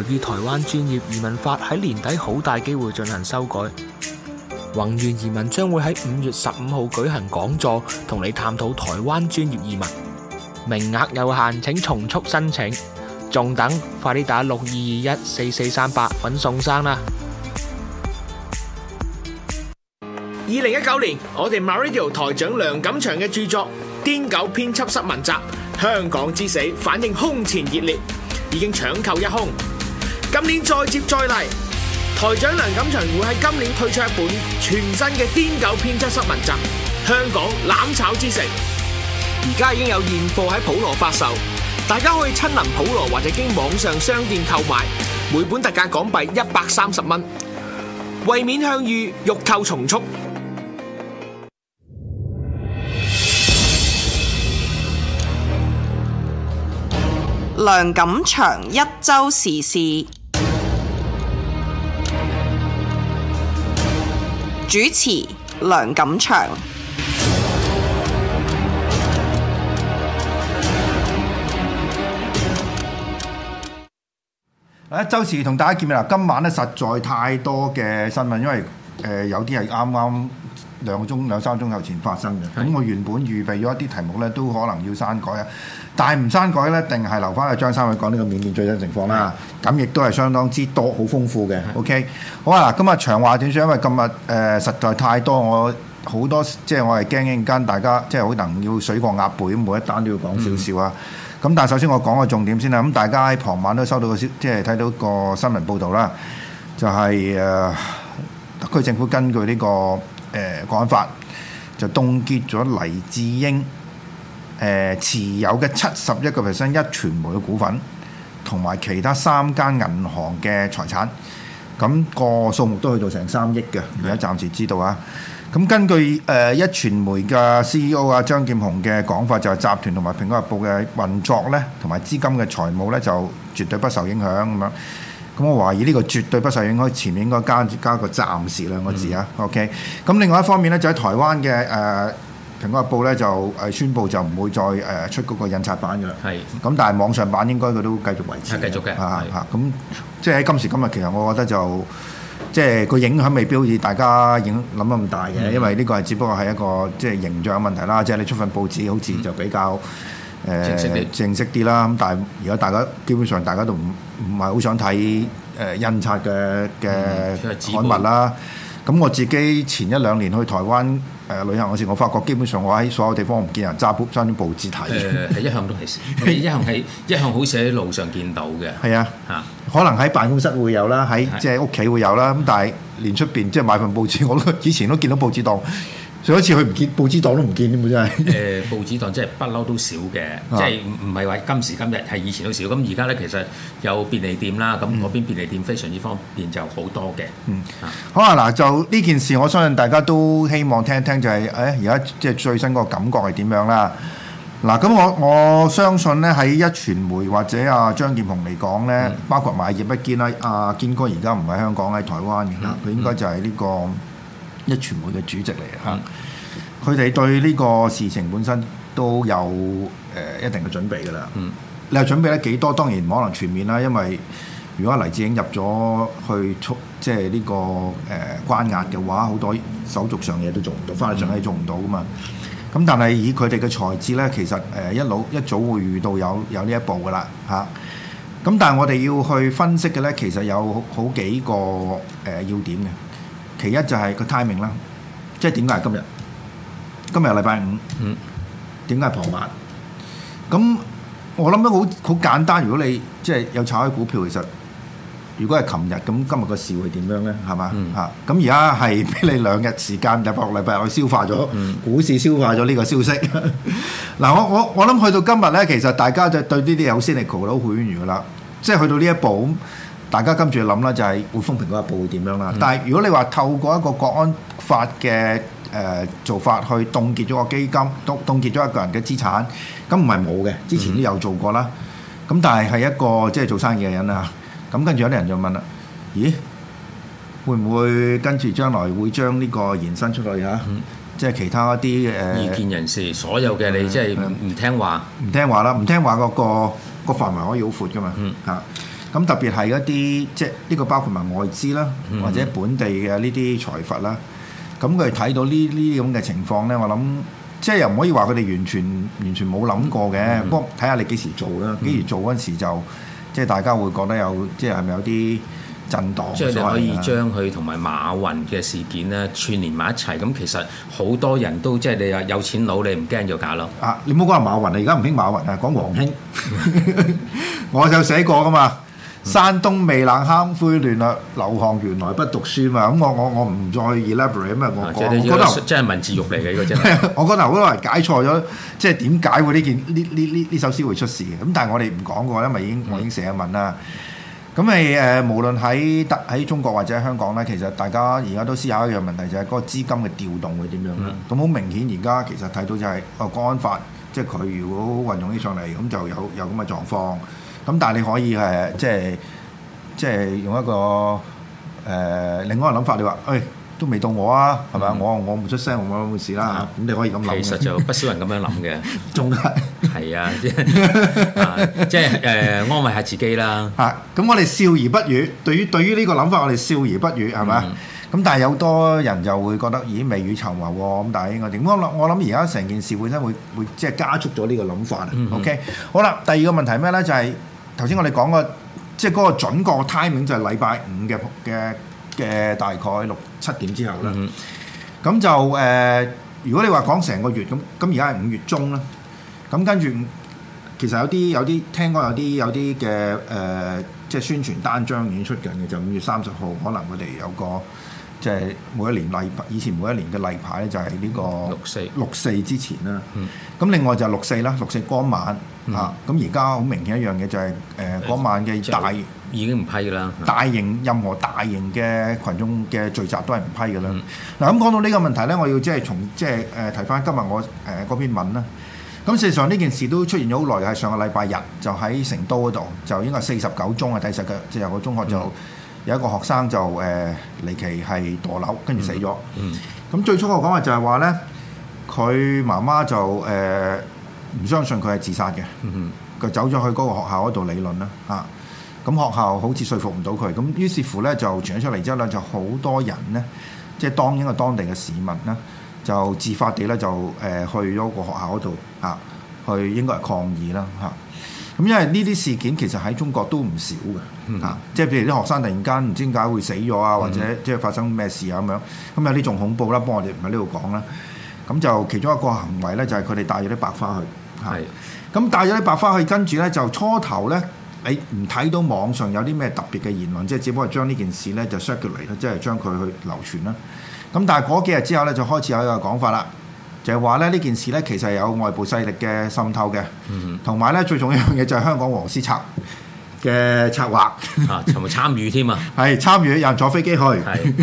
由於台灣專業移民法喺年底好大機會進行修改，宏源移民將會喺五月十五號舉行講座，同你探討台灣專業移民，名額有限，請從速申請。仲等，快啲打六二二一四四三八揾宋生啦。二零一九年，我哋 MyRadio 台長梁錦祥嘅著作《癲狗編輯室文集》，香港之死反應空前熱烈，已經搶購一空。今年再接再厲，台長梁錦祥會喺今年推出一本全新嘅癲狗編輯室文集《香港攬炒之城》，而家已經有現貨喺普羅發售，大家可以親臨普羅或者經網上商店購買，每本特價港幣一百三十蚊，為免向隅，欲購從速。梁錦祥一周時事。主持梁錦祥，一週時事同大家見面啦。今晚呢實在太多嘅新聞，因為，誒、呃、有啲係啱啱兩個鐘兩三鐘頭前發生嘅，咁我原本預備咗一啲題目呢，都可能要刪改啊，但係唔刪改呢，定係留翻阿張生去講呢個緬甸最新情況啦。咁亦都係相當之多，好豐富嘅。是的 OK，好啊，今日長話短說，因為今日誒、呃、實在太多，我好多即係我係驚一陣間大家即係可能要水過鴨背，每一單都要講少少啊。咁、嗯、但係首先我講個重點先啦。咁大家喺傍晚都收到個即係睇到個新聞報道啦，就係、是、誒。呃特區政府根據呢、這個誒講、呃、法，就凍結咗黎智英誒、呃、持有嘅七十一個 percent 一傳媒嘅股份，同埋其他三間銀行嘅財產，咁、那個數目都去到成三億嘅，而家暫時知道啊。咁是的 根據誒、呃、一傳媒嘅 CEO 啊張劍虹嘅講法，就係、是、集團同埋蘋果日報嘅運作咧，同埋資金嘅財務咧，就絕對不受影響咁樣。咁我懷疑呢個絕對不受影響，前面應該加加個暫時兩個字啊。嗯、OK。咁另外一方面咧，就喺台灣嘅誒、呃《蘋果日報》呢咧就誒宣布就唔會再誒出嗰個印刷版嘅。係。咁但係網上版應該佢都繼續維持。係繼續嘅。嚇咁、啊啊啊、即係喺今時今日，其實我覺得就即係個影響未必好似，大家影諗得咁大嘅，嗯、因為呢個係只不過係一個即係、就是、形象問題啦。即、就、係、是、你出份報紙，好似就比較。嗯嗯誒、呃、正式啲啦，咁但係而家大家基本上大家都唔唔係好想睇誒、呃、印刷嘅嘅刊物啦。咁、嗯、件我自己前一兩年去台灣誒、呃、旅行嗰時，我發覺基本上我喺所有地方唔見人揸布張啲報紙睇。誒、呃、一向都係少，一向係一向好少喺路上見到嘅。係啊，嚇、啊！可能喺辦公室會有啦，喺即係屋企會有啦。咁但係連出邊即係買份報紙，我都以前都見到報紙檔。上一次佢唔見報紙檔都唔見添，真係。誒、呃、報紙檔真係不嬲都少嘅，啊、即係唔唔係話今時今日係以前都少。咁而家咧，其實有便利店啦，咁嗰邊便利店非常之方便、嗯、就好多嘅。嗯，好啊嗱，就呢件事，我相信大家都希望聽一聽、就是，就係誒而家即係最新嗰個感覺係點樣啦。嗱、啊、咁我我相信咧喺壹傳媒或者阿張劍虹嚟講咧，嗯、包括買葉一堅咧，阿、啊、堅哥而家唔喺香港，喺台灣佢、嗯、應該就係呢、這個。嗯嗯一傳媒嘅主席嚟啊，佢哋、嗯、對呢個事情本身都有誒、呃、一定嘅準備噶啦。嗯，你係準備得幾多？當然唔可能全面啦，因為如果黎智英入咗去促，即係呢、呢個誒、呃、關押嘅話，好多手續上嘢都做唔到，法律上係做唔到噶嘛。咁、嗯、但係以佢哋嘅才智咧，其實誒一早一早會遇到有有呢一步噶啦嚇。咁、啊、但係我哋要去分析嘅咧，其實有好，好幾個誒、呃、要點嘅。其一就係個 timing 啦，即係點解係今日？今日係禮拜五，點解係傍晚？咁我諗都好好簡單。如果你即係有炒開股票，其實如果係琴日，咁今日個市會點樣咧？係嘛吧？嚇、嗯！咁而家係俾你兩日時間入白禮拜去消化咗、嗯嗯、股市，消化咗呢個消息。嗱， 我我我諗去到今日咧，其實大家就對呢啲有先 s k i l l f 噶啦，即係去到呢一步。大家跟住諗啦，就係會封平嗰一步會點樣啦。但係如果你話透過一個國安法嘅誒做法去凍結咗個基金，凍凍結咗一個人嘅資產，咁唔係冇嘅，之前都有做過啦。咁但係係一個即係做生意嘅人啊。咁跟住有啲人就問啦，咦，會唔會跟住將來會將呢個延伸出去啊？即係其他一啲誒意見人士，所有嘅你即係唔聽話，唔聽話啦，唔聽話嗰個個範圍可以好闊噶嘛？嗯啊。咁特別係一啲即係呢個包括埋外資啦，或者本地嘅呢啲財閥啦。咁佢睇到呢呢啲咁嘅情況咧，我諗即係又唔可以話佢哋完全完全冇諗過嘅。不過睇下你幾時做啦，幾時做嗰陣時就即係大家會覺得有即係係咪有啲震盪？即係你可以將佢同埋馬雲嘅事件咧串連埋一齊。咁其實好多人都即係你話有錢佬，你唔驚就假咯？啊，你唔好講話馬雲啊，而家唔興馬雲啊，講王興，我就寫過噶嘛。山東未冷坑灰亂啊！劉項原來不讀書嘛？咁我我我唔再 elaborate 咁啊！我、就是這個、我覺得我真係文字獄嚟嘅啫。這個、 我覺得好多人解錯咗，即係點解會呢件呢呢呢呢首詩會出事嘅？咁但係我哋唔講過，因為已經、嗯、我已經寫文啦。咁係誒，無論喺得喺中國或者喺香港咧，其實大家而家都思考一樣問題，就係、是、嗰個資金嘅調動會點樣咧？咁好、嗯、明顯，而家其實睇到就係、是、啊，國安法即係佢如果運用起上嚟，咁就有有咁嘅狀況。咁但係你可以誒，即係即係用一個誒、呃、另外嘅諗法，你話誒、欸、都未到我啊，係咪、嗯、我我唔出聲，咁冇冇事啦。咁、嗯、你可以咁諗。其實就不少人咁樣諗嘅，中間係啊，即係即係誒安慰下自己啦嚇。咁、啊、我哋笑而不語，對於對於呢個諗法，我哋笑而不語係咪？咁但係有多人就會覺得咦未雨綢繆喎、啊，咁但係應該點？我諗我諗而家成件事本身會會即係加速咗呢個諗法。嗯嗯 OK，好啦，第二個問題咩咧？就係、是。頭先我哋講個即係嗰個準個 timing 就係禮拜五嘅嘅嘅大概六七點之後啦。咁、嗯、就誒、呃，如果你話講成個月咁，咁而家係五月中啦。咁跟住其實有啲有啲聽講有啲有啲嘅誒，即、呃、係、就是、宣傳單張已經出緊嘅，就五、是、月三十號可能我哋有個。即係每一年例牌，以前每一年嘅例牌咧，就係呢個六四六四之前啦。咁、嗯嗯、另外就係六四啦，六四嗰晚嚇。咁而家好明顯一樣嘢就係誒嗰晚嘅大已經唔批㗎啦。大型任何大型嘅群眾嘅聚集都係唔批㗎啦。嗱，咁講到呢個問題咧，我要即係從即係誒提翻今日我誒嗰篇文啦。咁、呃、事實上呢件事都出現咗好耐，係上個禮拜日就喺成都嗰度，就應該係四十九中啊，第十個即係個中學就。嗯有一個學生就誒、呃、離奇係墮樓，跟住死咗。咁、嗯嗯、最初個講法就係話咧，佢媽媽就誒唔、呃、相信佢係自殺嘅，佢走咗去嗰個學校嗰度理論啦。嚇、啊，咁學校好似說服唔到佢，咁於是乎咧就傳咗出嚟之後咧，就好多人咧，即係當應嘅當地嘅市民啦，就自發地咧就誒去咗個學校嗰度嚇，去應該係抗議啦嚇。啊。咁因為呢啲事件其實喺中國都唔少嘅，啊，即係譬如啲學生突然間唔知點解會死咗啊，或者即係發生咩事啊咁樣，咁、嗯、有啲仲恐怖啦，不過我哋唔喺呢度講啦。咁就其中一個行為咧，就係佢哋帶咗啲白花去。係，咁帶咗啲白花去，跟住咧就初頭咧，你唔睇到網上有啲咩特別嘅言論，即係只不過將呢件事咧就 circulate 佢即係將佢去流傳啦。咁但係嗰幾日之後咧，就開始有一個講法啦。就係話咧，呢件事咧其實有外部勢力嘅滲透嘅，同埋咧最重要嘅就係香港黃絲策嘅策劃，仲咪、啊、參與添啊！係參與，有人坐飛機去，嗱咁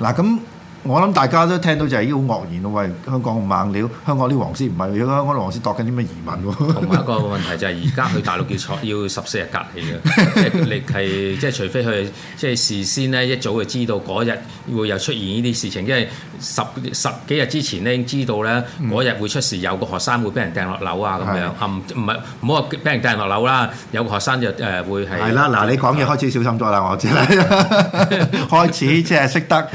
是的、啊。我諗大家都聽到就係依種惡言咯，喂！香港咁猛料，香港啲黃絲唔係，香港啲黃絲度緊啲咩移民？同埋一個問題就係而家去大陸結錯要十四 日隔離嘅， 即係你係即係除非佢即係事先咧一早就知道嗰日會有出現呢啲事情，因為十十幾日之前咧已經知道咧嗰日會出事，有個學生會俾人掟落樓啊咁是的 樣，唔唔係唔好話俾人掟落樓啦，有個學生就誒、呃、會係。係啦，嗱你講嘢開始小心咗啦，的我知啦， 開始即係識得。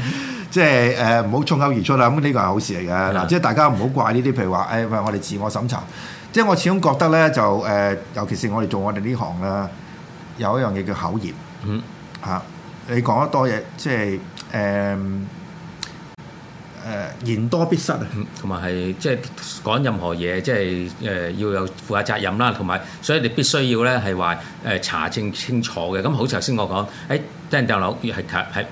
即係誒唔好沖口而出啦，咁呢個係好事嚟嘅嗱。的即係大家唔好怪呢啲，譬如話誒，唔、哎、我哋自我審查。即係我始終覺得咧，就誒、呃，尤其是我哋做我哋呢行啦，有一樣嘢叫口業。嗯，啊、你講得多嘢，即係誒誒，言多必失，同埋係即係講任何嘢，即係誒要有負下責任啦，同埋所以你必須要咧係話誒查證清楚嘅。咁好，頭先我講誒跌人跌樓係係。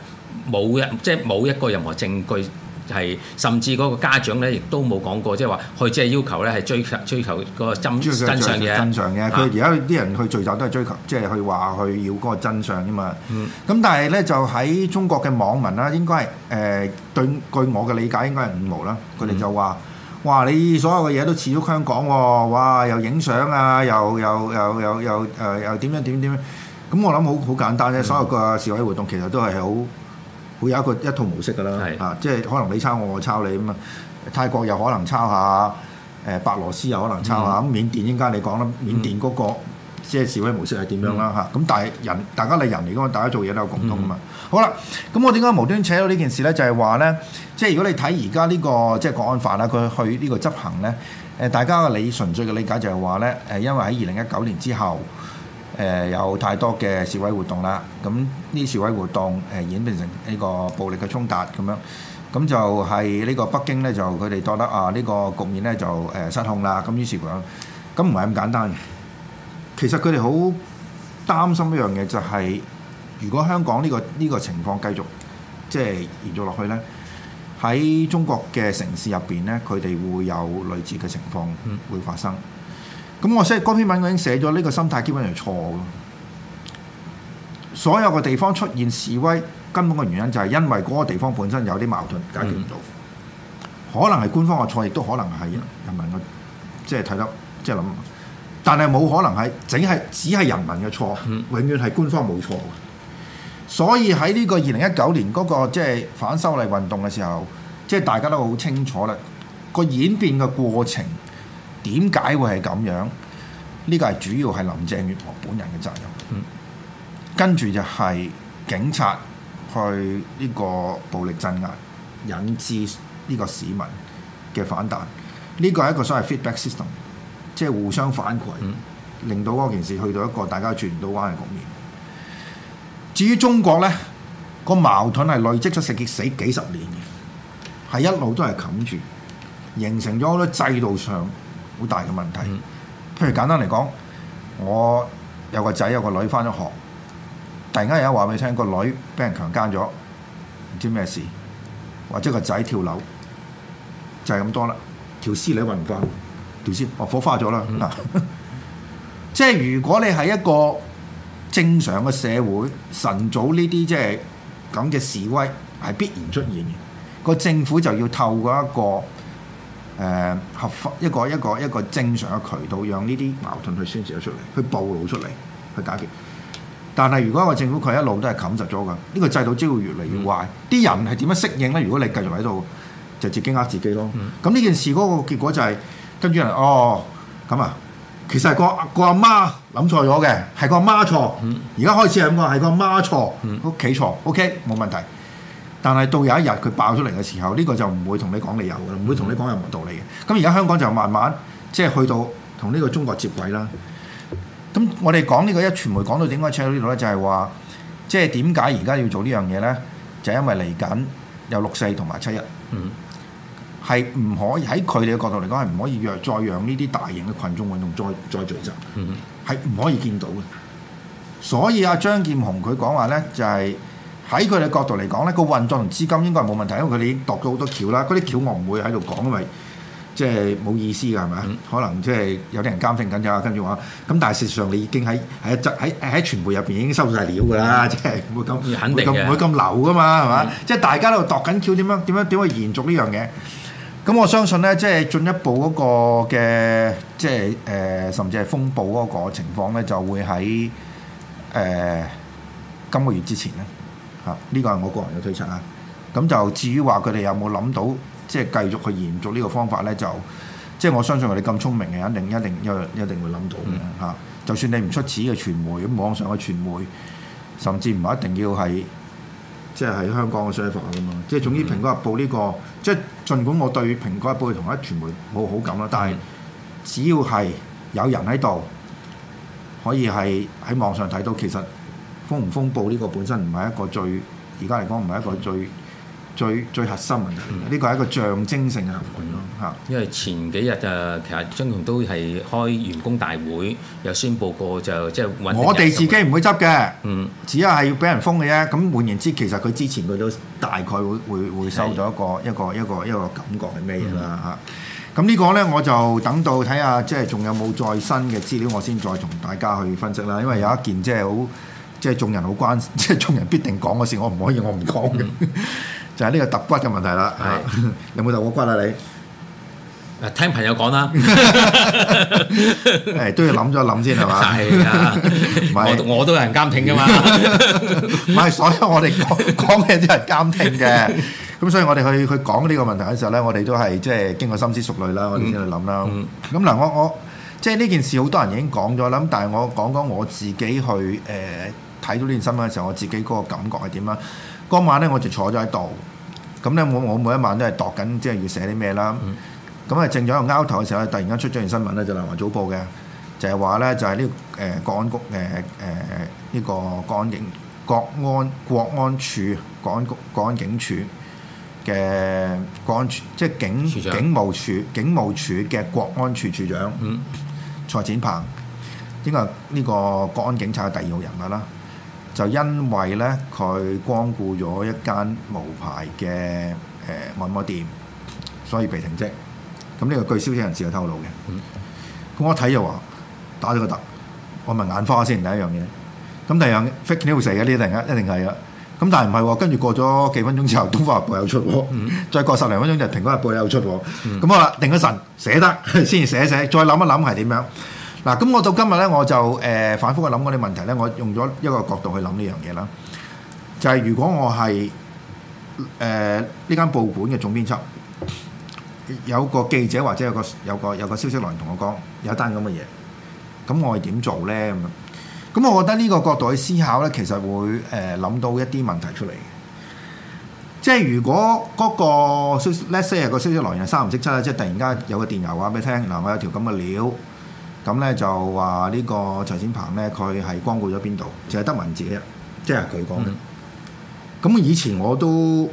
冇一即係冇一個任何證據係，甚至嗰個家長咧亦都冇講過，即係話佢即係要求咧係追，追求真追求個真真相嘅佢而家啲人去聚集都係追求，即、就、係、是、去話去要嗰個真相㗎嘛。咁、嗯、但係咧就喺中國嘅網民啦，應該誒、呃、對據我嘅理解應該係五毛啦。佢哋就話：，嗯、哇！你所有嘅嘢都似咗香港喎、哦，哇！又影相啊，又又又又、呃、又誒又點樣點樣點樣？咁我諗好好簡單啫，嗯、所有個示威活動其實都係好。會有一個一套模式噶啦，係啊，即係可能你抄我，我抄你咁啊。泰國有可能抄下，誒，白羅斯有可能抄下。咁、嗯、緬甸，應該你講啦，嗯、緬甸嗰、那個即係示威模式係點樣啦？嚇、嗯，咁、啊、但係人，大家你人嚟講，大家做嘢都有共通噶嘛。好啦，咁我點解無端扯到呢件事咧？就係話咧，即係如果你睇而家呢個即係、就是、國安法啦，佢去呢個執行咧，誒，大家嘅理純粹嘅理解就係話咧，誒，因為喺二零一九年之後。誒、呃、有太多嘅示威活動啦，咁呢示威活動誒、呃、演變成呢個暴力嘅衝突咁樣，咁就係呢個北京呢，就佢哋覺得啊呢、呢個局面呢，就誒、呃、失控啦，咁於是講，咁唔係咁簡單，其實佢哋好擔心一樣嘢就係、是、如果香港呢、呢個呢、呢個情況繼續即係延續落去呢，喺中國嘅城市入邊呢，佢哋會有類似嘅情況會發生。嗯。咁我寫嗰篇文，我已經寫咗呢個心態，基本上係錯嘅。所有嘅地方出現示威，根本嘅原因就係因為嗰個地方本身有啲矛盾解決唔到，嗯、可能係官方嘅錯，亦都可能係人民嘅，即係睇得即係諗。但係冇可能係淨係只係人民嘅錯，永遠係官方冇錯嘅。所以喺呢個二零一九年嗰、嗰個即係反修例運動嘅時候，即係大家都好清楚啦，個演變嘅過程。點解會係咁樣？呢個係主要係林鄭月娥本人嘅責任。跟住就係警察去呢個暴力鎮壓，引致呢個市民嘅反彈。呢個係一個所謂 feedback system，即係互相反饋，令到嗰件事去到一個大家轉唔到彎嘅局面。至於中國呢，個矛盾係累積咗成幾死幾十年嘅，係一路都係冚住，形成咗好多制度上。好大嘅問題，譬如簡單嚟講，我有個仔有個女翻咗學，突然間有人話俾你聽個女俾人強姦咗，唔知咩事，或者個仔跳樓，就係、是、咁多啦。條、嗯、屍你運唔翻，條屍哦火化咗啦嗱，嗯、 即係如果你係一個正常嘅社會，晨早呢啲即係咁嘅示威係必然出現嘅，個政府就要透過一個。誒合法一個一個一個正常嘅渠道，讓呢啲矛盾去宣泄咗出嚟，去暴露出嚟，去解決。但係如果一個政府佢一路都係冚實咗㗎，呢個制度只會越嚟越壞。啲、嗯、人係點樣適應咧？如果你繼續喺度，就自己呃自己咯。咁呢、嗯、件事嗰個結果就係跟住人哦咁啊，其實係個個阿媽諗錯咗嘅，係個阿媽錯。而家開始係咁話，係個阿媽錯，屋企、嗯、錯，OK 冇問題。但係到有一日佢爆出嚟嘅時候，呢、這個就唔會同你講理由嘅，唔會同你講任何道理嘅。咁而家香港就慢慢即係去到同呢個中國接軌啦。咁我哋講呢個壹傳媒講到點解 check 到呢度咧，就係、是、話即係點解而家要做呢樣嘢咧？就係、是、因為嚟緊有六四同埋七一，係唔、嗯、可以喺佢哋嘅角度嚟講係唔可以讓再讓呢啲大型嘅群眾運動再再聚集，係唔、嗯、可以見到嘅。所以阿、啊、張劍虹佢講話咧就係、是。喺佢哋角度嚟講咧，個運作同資金應該係冇問題，因為佢哋已經度咗好多橋啦。嗰啲橋我唔會喺度講因為即係冇意思㗎，係咪？嗯、可能即係有啲人監聽緊，有啊，跟住話。咁但係事實上你已經喺喺喺喺傳媒入邊已經收晒料㗎啦，即係唔會咁肯定唔會咁流㗎嘛，係嘛？即係、嗯、大家喺度度緊橋，點樣點樣點去延續呢樣嘢？咁我相信咧，即係進一步嗰個嘅即係誒、呃，甚至係風暴嗰個情況咧，就會喺誒、呃、今個月之前咧。啊！呢個係我個人嘅推測啦。咁就至於話佢哋有冇諗到，即係繼續去延續呢個方法咧？就即係我相信佢哋咁聰明嘅，肯定、一定、一定會諗到嘅。嚇！嗯、就算你唔出紙嘅傳媒，咁網上嘅傳媒，甚至唔一定要係即係喺香港嘅 server 咁樣。即係總之，蘋果日報呢、呢個，即係儘管我對蘋果日報同壹傳媒冇好感啦，嗯、但係只要係有人喺度，可以係喺網上睇到，其實。風唔風暴，呢個本身唔係一個最，而家嚟講唔係一個最最最核心問題，呢個係一個象徵性嘅函件咯，嚇。因為前幾日就其實張劍虹都係開員工大會，又宣佈過就即係我哋自己唔會執嘅，嗯，只係係要俾人封嘅啫。咁換言之，其實佢之前佢都大概會會會收到一個的一個一個一個感覺係咩嘢啦嚇。咁、嗯嗯、呢個咧，我就等到睇下即係仲有冇再新嘅資料，我先再同大家去分析啦。因為有一件即係好。即係眾人好關，即係眾人必定講嘅事，我唔可以，我唔講嘅，就係呢個揼骨嘅問題啦。嚇，有冇揼過骨啊你？誒，聽朋友講啦。誒，都要諗咗諗先係嘛？係啊，唔係我我都有人監聽噶嘛，唔係所有我哋講講嘢都係監聽嘅。咁所以，我哋去去講呢個問題嘅時候咧，我哋都係即係經過深思熟慮啦，我哋先去諗啦。咁嗱，我我即係呢件事，好多人已經講咗啦。咁但係我講講我自己去誒。睇到呢件新聞嘅時候，我自己嗰個感覺係點啦？嗰晚咧，我就坐咗喺度，咁咧我我每一晚都係度緊，即係要寫啲咩啦？咁啊、嗯，正喺度勾頭嘅時候咧，突然間出咗件新聞咧，就係《南華早報》嘅，就係話咧，就係呢誒國安局嘅，誒、呃、呢、呢個國安警國安國安處、國安國安,安警署嘅國安處，即係警署長警務處警務處嘅國安處處長、嗯、蔡展鵬，呢、呢個呢、呢個國安警察嘅第二號人物、啊、啦。就因為咧佢光顧咗一間無牌嘅誒按摩店，所以被停職。咁呢個據消息人士有透露嘅。咁我一睇就話打咗個突，我問眼花先第一樣嘢。咁第二樣 fake news 嚟嘅呢，一定一定係啦。咁但係唔係喎？跟住過咗幾分鐘之後，東方日報有出喎。再過十零分鐘就《蘋果日報》有出喎。咁我話定咗神寫得先至寫寫，再諗一諗係點樣。嗱，咁我到今日咧，我就誒、呃、反覆去諗嗰啲問題咧，我用咗一個角度去諗呢樣嘢啦。就係、是、如果我係誒呢間報館嘅總編輯，有個記者或者有個有個有個消息來源同我講有單咁嘅嘢，咁我係點做咧？咁，咁我覺得呢個角度去思考咧，其實會誒諗、呃、到一啲問題出嚟嘅。即係如果嗰、那個消息，let's say 個消息來源係三唔識七啦，即係突然間有個電郵話俾你聽嗱，我有條咁嘅料。咁咧就話呢個陳展鵬咧，佢係光顧咗邊度？淨係得文字嘅，即係佢講。咁、嗯、以前我都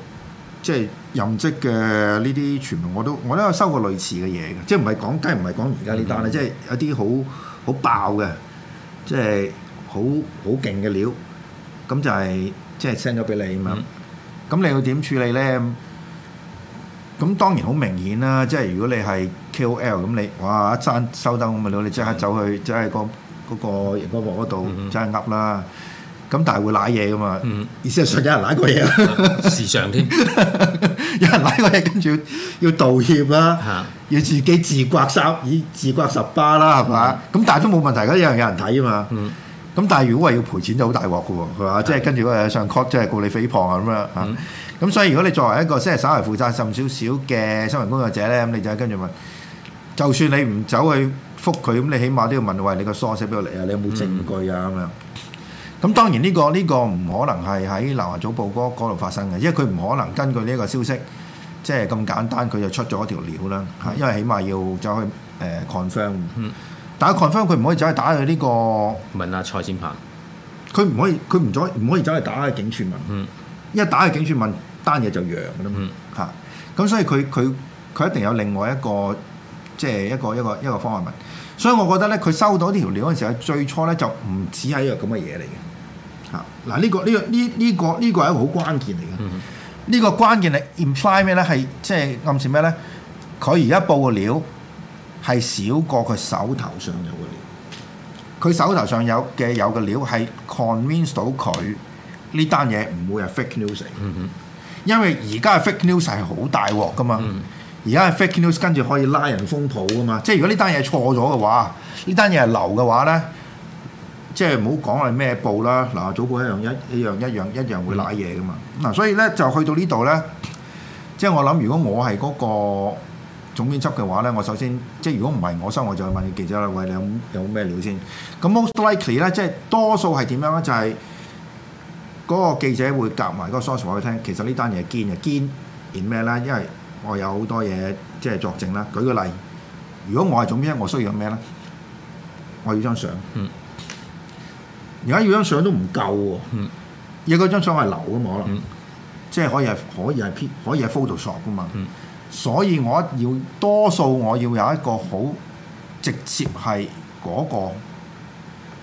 即係任職嘅呢啲傳聞，我都我都有收過類似嘅嘢嘅，即係唔係講，梗係唔係講而家呢單啦，即係有啲好好爆嘅，即係好好勁嘅料。咁就係即係 send 咗俾你啊嘛。咁你要點處理咧？咁當然好明顯啦，即係如果你係。K.O.L. 咁你，哇一盞收燈咁啊！你即刻走去即係、嗰個嗰、嗰個營商博嗰度，即係呃啦。咁但係會賴嘢噶嘛？Mm hmm. 意思係上有人賴過嘢啊？Mm hmm. 時尚添， 有人賴過嘢，跟住要，要道歉啦，mm hmm. 要自己自刮三，以自刮十八啦，係嘛、mm？咁、hmm. 但係都冇問題，因為有人睇啊嘛。咁、mm hmm. 但係如果話要賠錢就好大鑊噶喎，係、mm hmm. 即係跟住誒上 court，即係告你誹謗啊咁樣嚇。咁、mm hmm. 所以如果你作為一個即係稍為負責甚少少嘅新聞工作者咧，咁你就跟住問。就算你唔走去覆佢，咁你起碼都要問：喂，你個 source 邊度嚟啊？你有冇證據啊？咁樣。咁當然呢個呢個唔可能係喺《南華早報》嗰嗰度發生嘅，因為佢唔可能根據呢個消息，即係咁簡單佢就出咗一條料啦。嚇，因為起碼要走去誒 confirm。嗯。但係 confirm 佢唔可以走去打去呢個問下蔡展鵬。佢唔可以，佢唔左，唔可以走去打去警署問。嗯。因為打去警署問單嘢就揚㗎啦嘛。嗯。嚇，咁所以佢佢佢一定有另外一個。即係一個一個一個方案問，所以我覺得咧，佢收到條料嗰陣時候，最初咧就唔止係一個咁嘅嘢嚟嘅嚇。嗱、啊、呢、呢個呢、呢個呢呢、呢個呢、呢個係一個好關鍵嚟嘅。呢、嗯、哼個關鍵嚟 imply 咩咧？係即係暗示咩咧？佢而家報嘅料係少過佢手頭上有嘅料。佢手頭上有嘅有嘅料係 convince 到佢呢單嘢唔會係 fake news。嗯、哼因為而家嘅 fake news 係好大鑊噶嘛。嗯而家係 fake news，跟住可以拉人封艇噶嘛？即係如果呢單嘢錯咗嘅話，話呢單嘢係流嘅話咧，即係唔好講係咩報啦。嗱、啊，早報一樣一一樣一樣一,一,一,一,、嗯、一樣會賴嘢噶嘛。嗱、啊，所以咧就去到這裡呢度咧，即係我諗，如果我係嗰個總編輯嘅話咧，我首先即係如果唔係我收，我就去問記者啦，喂，你有有咩料先？咁 most likely 咧，即係多數係點樣咧？就係、是、嗰個記者會夾埋嗰個 source 話畀佢聽，其實這件事是是呢單嘢係堅嘅，堅 in 咩咧？因為我有好多嘢即係作證啦。舉個例，如果我係做咩，我需要咩咧？我要張相。而家、嗯、要張相都唔夠喎、啊。有嗰、嗯、張相係流噶嘛？可能、嗯、即係可以係可以係 P 可以係 Photoshop 噶嘛？嗯、所以我要多數，我要有一個好直接係嗰個，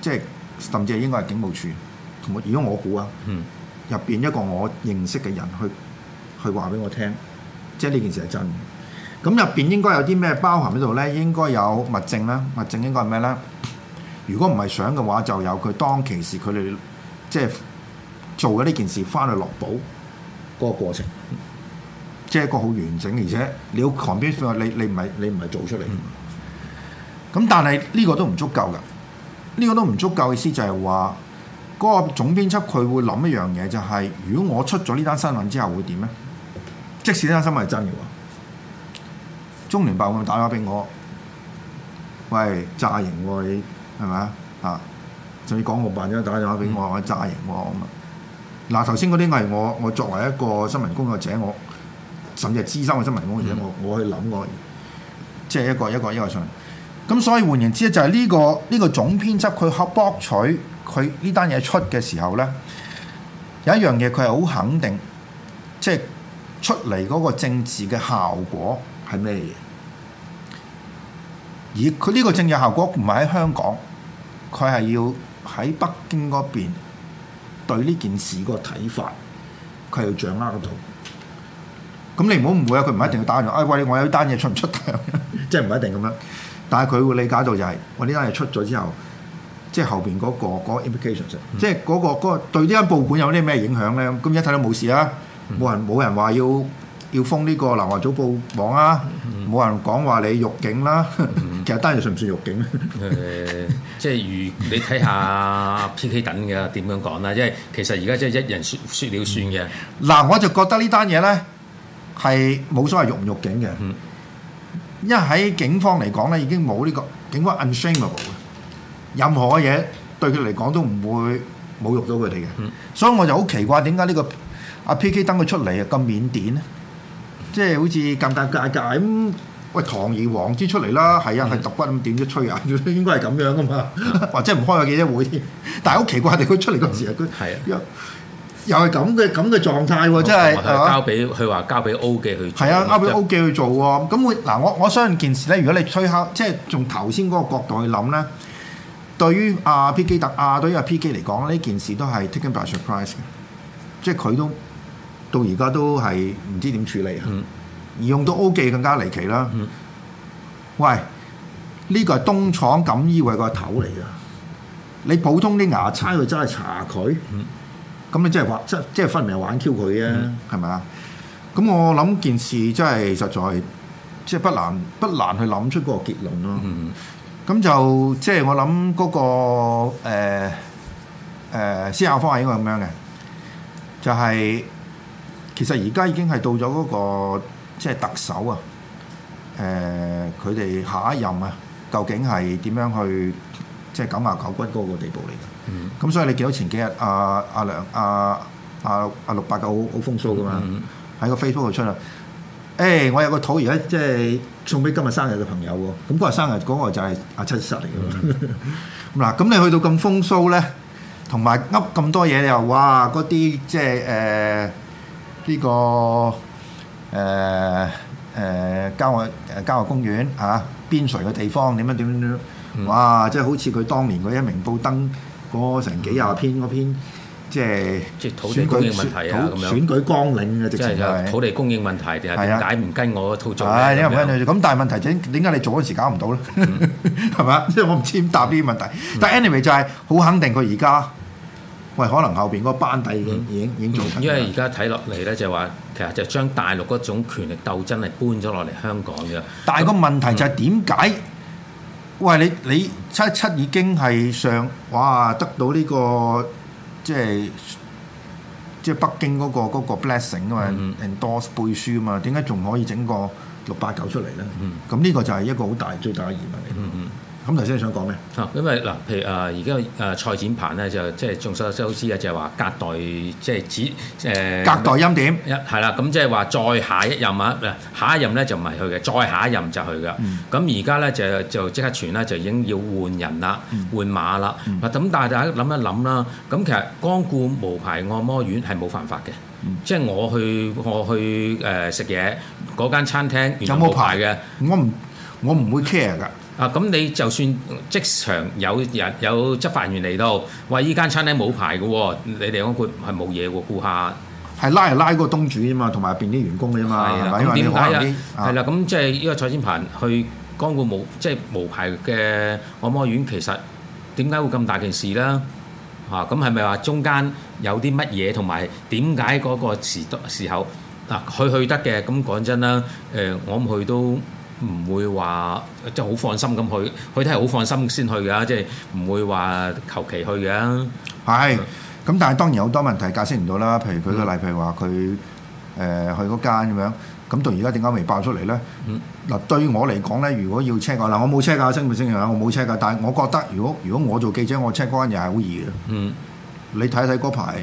即係甚至應該係警務處。如果我估啊，入邊一個我認識嘅人去去話俾我聽。即係呢件事係真嘅，咁入邊應該有啲咩包含喺度咧？應該有物證啦，物證應該係咩咧？如果唔係相嘅話，就有佢當其時佢哋即係做咗呢件事，翻去落保嗰個過程，過程即係一個好完整，而且你要狂編你你唔係你唔係做出嚟。咁、嗯、但係呢個都唔足夠㗎，呢、這個都唔足夠嘅意思就係話，嗰、那個總編輯佢會諗一樣嘢、就是，就係如果我出咗呢單新聞之後會點咧？即使呢單新聞係真嘅喎，中聯辦會，會打電話俾我，喂，詐型喎，你係咪啊？啊，甚至港澳辦都打電話俾我，我詐型喎。咁啊！嗱，頭先嗰啲係我，我作為一個新聞工作者，我甚至係資深嘅新聞工作者，我我去諗過，即係一個一個一個上嚟。咁所以換言之就、這個，就係呢個呢個總編輯佢可博取佢呢單嘢出嘅時候咧，有一樣嘢佢係好肯定，即係。出嚟嗰個政治嘅效果係咩嘢？而佢呢個政治效果唔係喺香港，佢係要喺北京嗰邊對呢件事個睇法，佢係要掌握到。咁你唔好誤會啊！佢唔一定要打你、哎。喂，我有單嘢出唔出？ 即係唔一定咁樣。但係佢會理解到就係、是：我呢單嘢出咗之後，即係後邊嗰、那個那個 implications，、嗯、即係嗰、那個嗰、那個、對呢間報館有啲咩影響咧？咁一睇都冇事啦。冇人冇人話要要封呢個《南華早報》網啊！冇人講話你辱警啦。其實單嘢算唔算辱警咧？誒，即係如你睇下 PK 等嘅點樣講啦。因為其實而家即係一人説説了算嘅。嗱，我就覺得呢單嘢咧，係冇所謂辱唔辱警嘅。因為喺警方嚟講咧，已經冇呢個警方 unshameable 嘅，任何嘅嘢對佢嚟講都唔會侮辱到佢哋嘅。所以我就好奇怪點解呢個？阿 P.K. 登佢出嚟啊，咁腼腆，咧？即係好似咁架架架咁，喂，堂而皇之出嚟啦，係啊，係突骨咁點都吹啊，應該係咁樣噶嘛？或者唔開個記者會添，但係好奇怪，佢出嚟嗰陣時候佢啊，又又係咁嘅咁嘅狀態喎，即係交俾佢話交俾 O 嘅去做，係啊，交俾 O 嘅去做喎、啊。咁我嗱，我我相信件事咧，如果你吹黑，即係從頭先嗰個角度去諗咧，對於阿、啊、P.K. 特啊，對於阿 P.K. 嚟講，呢件事都係 taken by surprise 嘅，即係佢都。到而家都係唔知點處理啊！而用到 O 記更加離奇啦。喂，呢個係東廠錦衣衛個頭嚟噶。你普通啲牙差去真係查佢，咁、嗯、你即係話即即係分明玩 Q 佢啊？係咪啊？咁我諗件事真係實在即係、就是、不難不難去諗出嗰個結論咯。咁、嗯、就即係、就是、我諗嗰、那個誒誒思考方法應該咁樣嘅，就係、是。其實而家已經係到咗嗰、那個即係特首啊，誒、呃，佢哋下一任啊，究竟係點樣去即係九牙九骨嗰個地步嚟嘅？咁、嗯、所以你見到前幾日阿阿梁阿阿阿六八九好，好風騷噶嘛，喺、嗯、個 Facebook 度出啦。誒、欸，我有個肚而家即係送俾今日生日嘅朋友喎。咁今日生日嗰個就係阿、啊、七七嚟嘅。咁嗱、嗯，咁 你去到咁風騷咧，同埋噏咁多嘢又哇，嗰啲即係誒。呃呢、這個誒誒郊外誒郊外公園嚇、啊、邊陲嘅地方點樣點樣點樣？哇！即係好似佢當年嗰啲明報登過成幾廿篇嗰篇，即係、啊、選舉選，選舉綱領嘅直情係土地供應問題定係點解唔跟我套做？咁但係問題就點解你做嗰時搞唔到咧？係嘛？即係我唔知點答呢啲問題。但係 anyway 就係、是、好肯定佢而家。喂，可能後邊嗰班底已經已經已經做緊。因為而家睇落嚟咧，就話其實就將大陸嗰種權力鬥爭係搬咗落嚟香港嘅。但係個問題就係點解？嗯、喂，你你七七七已經係上，哇，得到呢、呢個即係即係北京嗰、嗰個嗰個 blessing 啊嘛、嗯、endorse 背書啊嘛，點解仲可以整個六八九出嚟咧？咁呢、嗯、個就係一個好大最大嘅疑問嚟。嗯嗯。咁頭先你想講咩？啊，因為嗱，譬如誒，而家誒蔡展鵬咧，就即係眾所周知啊，就係、是、話隔代即係指誒，就是呃、隔代欽點一係啦，咁即係話再下一任啊，下一任咧就唔係佢嘅，再下一任就佢噶。咁而家咧就就即刻傳啦，就已經要換人啦，嗯、換馬啦。咁、嗯、但係大家諗一諗啦，咁其實光顧無牌按摩院係冇犯法嘅，即係、嗯、我去我去誒食嘢嗰間餐廳，有冇牌嘅？我唔我唔會 care 噶。啊，咁你就算即場有人有執法人員嚟到，話依間餐廳冇牌嘅喎，你哋包括係冇嘢喎，顧客，係拉係拉嗰個東主啫嘛，同埋入邊啲員工嘅嘛。咁點解啊？係啦，咁即係依個蔡展鵬去光顧無即係無牌嘅按摩院，其實點解會咁大件事啦？嚇，咁係咪話中間有啲乜嘢，同埋點解嗰個時時候嗱去去得嘅？咁講真啦，誒我唔去都。唔會話即係好放心咁去，佢哋係好放心先去㗎，即係唔會話求其去嘅。係，咁但係當然好多問題解釋唔到啦。譬如佢個例，嗯、譬如話佢誒去嗰間咁樣，咁到而家點解未爆出嚟咧？嗱，嗯、對於我嚟講咧，如果要 check 嗱我冇車㗎，新會升陽，我冇車㗎。但係我覺得，如果如果我做記者，我 check 嗰間又係好易嘅。嗯，你睇睇嗰排，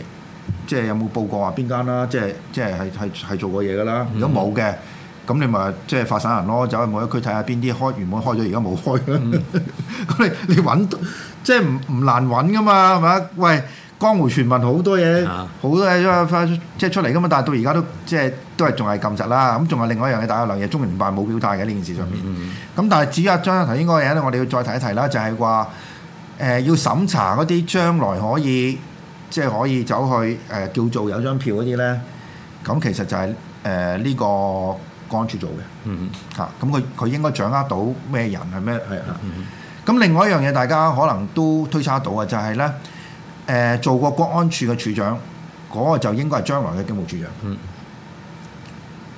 即係有冇報過話邊間啦？即係即係係係係做過嘢㗎啦。如果冇嘅。嗯咁你咪即係發散人咯，走去每一區睇下邊啲開原本開咗，而家冇開，開、嗯 你。你你揾即係唔唔難揾噶嘛，係咪啊？喂，江湖傳聞好多嘢，好、啊、多嘢即係出嚟噶嘛。但係到而家都即係都係仲係禁實啦。咁仲有另外一樣嘢，大家梁嘢中聯辦，冇表態嘅呢件事上面。咁、嗯、但係至於阿張生頭先個嘢咧，我哋要再提一提啦、就是，就係話誒要審查嗰啲將來可以即係可以走去誒、呃、叫做有張票嗰啲咧。咁其實就係誒呢個。國安處做嘅，嗯嗯、mm，吓咁佢佢應該掌握到咩人係咩係啊？咁另外一樣嘢，大家可能都推測到嘅就係、是、咧，誒、呃、做過國安處嘅處長，嗰、那個就應該係將來嘅警務處長，mm hmm.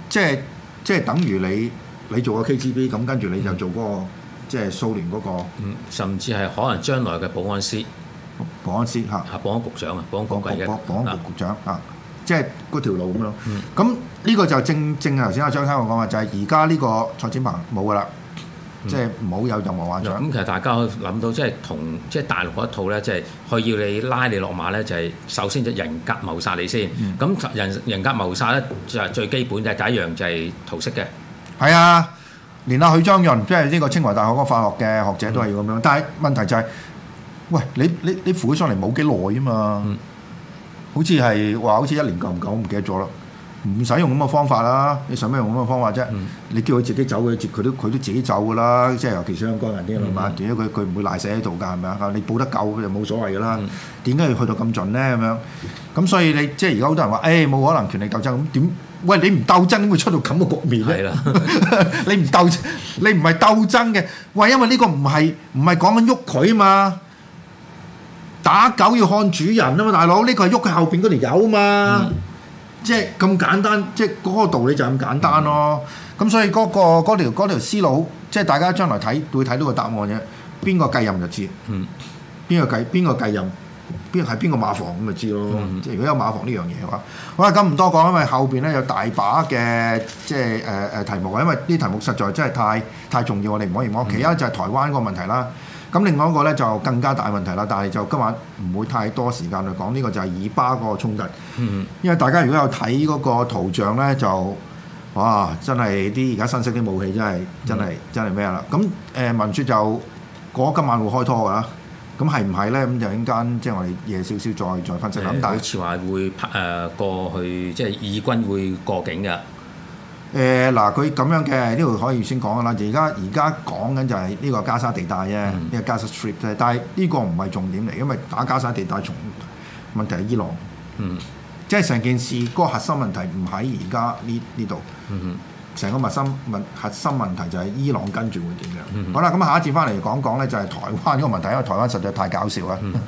即係即係等於你你做個 KGB，咁跟住你就做嗰、那個、mm hmm. 即係蘇聯嗰、那個，甚至係可能將來嘅保安司，保安司嚇，嚇保安局長啊，保安局局長啊，啊即係嗰條路咁咯，咁、mm。Hmm. 啊嗯呢個就正正頭先阿張生講話，就係而家呢個蔡展明冇噶啦，嗯、即係唔好有，有任何幻想。咁、嗯、其實大家可以諗到，即係同即係大陸嗰一套咧，即係佢要你拉你落馬咧，就係、是、首先就人格謀殺你先。咁、嗯、人人格謀殺咧，就最基本就第一樣就係桃色嘅。係啊，連阿許章潤即係呢個清華大學嗰個法學嘅學者都係要咁樣。嗯、但係問題就係、是，喂你你啲扶起上嚟冇幾耐啊嘛、嗯，好似係話好似一年夠唔夠？唔記得咗啦。唔使用咁嘅方法啦，你使咩用咁嘅方法啫？你叫佢自己走，佢折佢都佢都自己走噶啦，即係尤其是香港人啲係咪啊？點解佢佢唔會賴死喺度噶？係咪啊？你報得夠佢就冇所謂噶啦。點解要去到咁盡呢？咁樣咁所以你即係而家好多人話，誒冇可能權力鬥爭咁點？喂你唔鬥爭點會出到咁嘅局面嚟啦？你唔鬥，你唔係鬥爭嘅。喂，因為呢個唔係唔係講緊喐佢啊嘛，打狗要看主人啊嘛，大佬呢個係喐佢後邊嗰條友啊嘛。即係咁簡單，即係嗰個道理就咁簡單咯。咁所以嗰個嗰條嗰條思路，即係大家將來睇會睇到個答案啫。邊個繼任就知，邊個、嗯、繼邊個繼任，邊個係邊個馬房咁咪知咯。即係、嗯、如果有馬房呢樣嘢嘅話，好喇，咁唔多講，因為後邊咧有大把嘅即係誒誒題目啊。因為啲題目實在真係太太重要，我哋唔可以唔講。嗯、其他，就係台灣嗰個問題啦。咁另外一個咧就更加大問題啦，但係就今晚唔會太多時間去講。呢個就係以巴嗰個衝突，嗯、因為大家如果有睇嗰個圖像咧，就哇，真係啲而家新式啲武器真係真係、嗯、真係咩啦！咁誒文説就過今晚會開拖噶啦，咁係唔係咧？咁就陣間即係我哋夜少少再再分析啦。咁、嗯、但係好似話會拍誒、呃、過去即係以軍會過境嘅。誒嗱，佢咁、呃、樣嘅呢度可以先講啦。而家而家講緊就係呢個加沙地帶啫，呢、mm hmm. 個加沙 strip 但係呢個唔係重點嚟，因為打加沙地帶從問題係伊朗，嗯、mm，hmm. 即係成件事、個核心問題唔喺而家呢呢度，成、mm hmm. 個核心問核心問題就係伊朗跟住會點樣？Mm hmm. 好啦，咁、嗯、下一節翻嚟講講咧，就係台灣呢個問題，因為台灣實在太搞笑啦。Mm hmm.